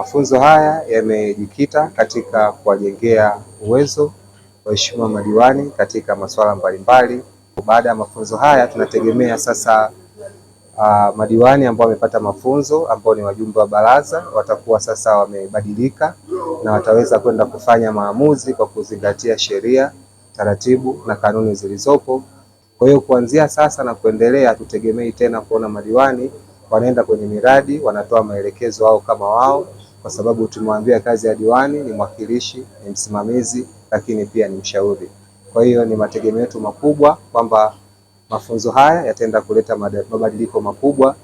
Mafunzo haya yamejikita katika kuwajengea uwezo waheshimiwa madiwani katika masuala mbalimbali. Baada ya mafunzo haya tunategemea sasa uh, madiwani ambao wamepata mafunzo ambao ni wajumbe wa baraza watakuwa sasa wamebadilika na wataweza kwenda kufanya maamuzi kwa kuzingatia sheria, taratibu na kanuni zilizopo. Kwa hiyo kuanzia sasa na kuendelea, tutegemei tena kuona madiwani wanaenda kwenye miradi wanatoa maelekezo wao kama wao kwa sababu tumewambia kazi ya diwani ni mwakilishi, ni msimamizi, lakini pia ni mshauri. Kwa hiyo ni mategemeo yetu makubwa kwamba mafunzo haya yataenda kuleta mabadiliko makubwa.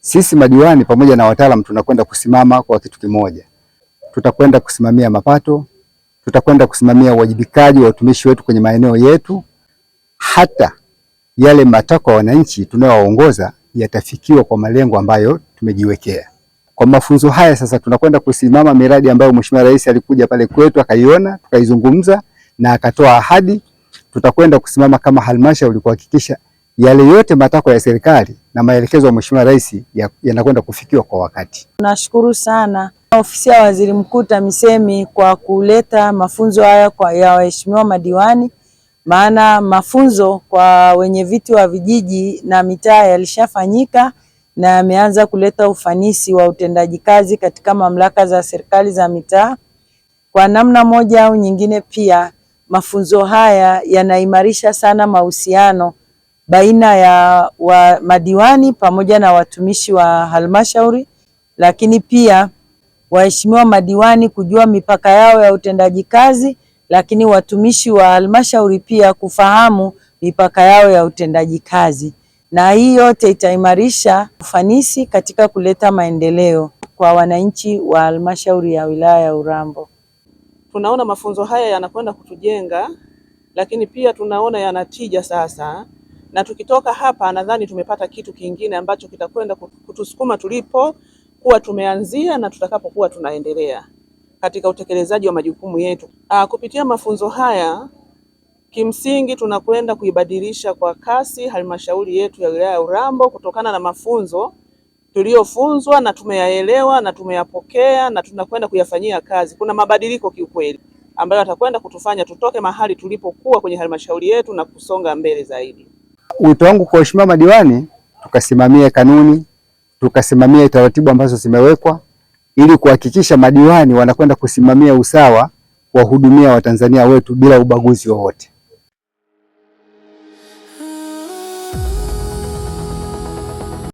Sisi madiwani pamoja na wataalamu tunakwenda kusimama kwa kitu kimoja, tutakwenda kusimamia mapato, tutakwenda kusimamia uwajibikaji wa watumishi wetu kwenye maeneo yetu, hata yale matakwa ya wananchi tunayowaongoza yatafikiwa kwa malengo ambayo tumejiwekea. Kwa mafunzo haya sasa tunakwenda kusimama miradi ambayo Mheshimiwa Rais alikuja pale kwetu akaiona, tukaizungumza na akatoa ahadi. Tutakwenda kusimama kama halmashauri kuhakikisha yale yote matakwa ya serikali na maelekezo ya Mheshimiwa Rais yanakwenda kufikiwa kwa wakati. Tunashukuru sana ofisi ya Waziri Mkuu TAMISEMI kwa kuleta mafunzo haya kwa ya waheshimiwa madiwani, maana mafunzo kwa wenye viti wa vijiji na mitaa yalishafanyika na yameanza kuleta ufanisi wa utendaji kazi katika mamlaka za serikali za mitaa. Kwa namna moja au nyingine, pia mafunzo haya yanaimarisha sana mahusiano baina ya wa madiwani pamoja na watumishi wa halmashauri, lakini pia waheshimiwa madiwani kujua mipaka yao ya utendaji kazi, lakini watumishi wa halmashauri pia kufahamu mipaka yao ya utendaji kazi na hii yote itaimarisha ufanisi katika kuleta maendeleo kwa wananchi wa halmashauri ya wilaya ya Urambo. Tunaona mafunzo haya yanakwenda kutujenga, lakini pia tunaona yanatija sasa, na tukitoka hapa nadhani tumepata kitu kingine ambacho kitakwenda kutusukuma tulipo kuwa tumeanzia na tutakapokuwa tunaendelea katika utekelezaji wa majukumu yetu. Aa, kupitia mafunzo haya Kimsingi tunakwenda kuibadilisha kwa kasi halmashauri yetu ya wilaya ya Urambo kutokana na mafunzo tuliyofunzwa na tumeyaelewa na tumeyapokea na tunakwenda kuyafanyia kazi. Kuna mabadiliko kiukweli ambayo atakwenda kutufanya tutoke mahali tulipokuwa kwenye halmashauri yetu na kusonga mbele zaidi. Wito wangu kwa waheshimiwa madiwani, tukasimamie kanuni, tukasimamie taratibu ambazo zimewekwa ili kuhakikisha madiwani wanakwenda kusimamia usawa, kuwahudumia Watanzania wetu bila ubaguzi wowote.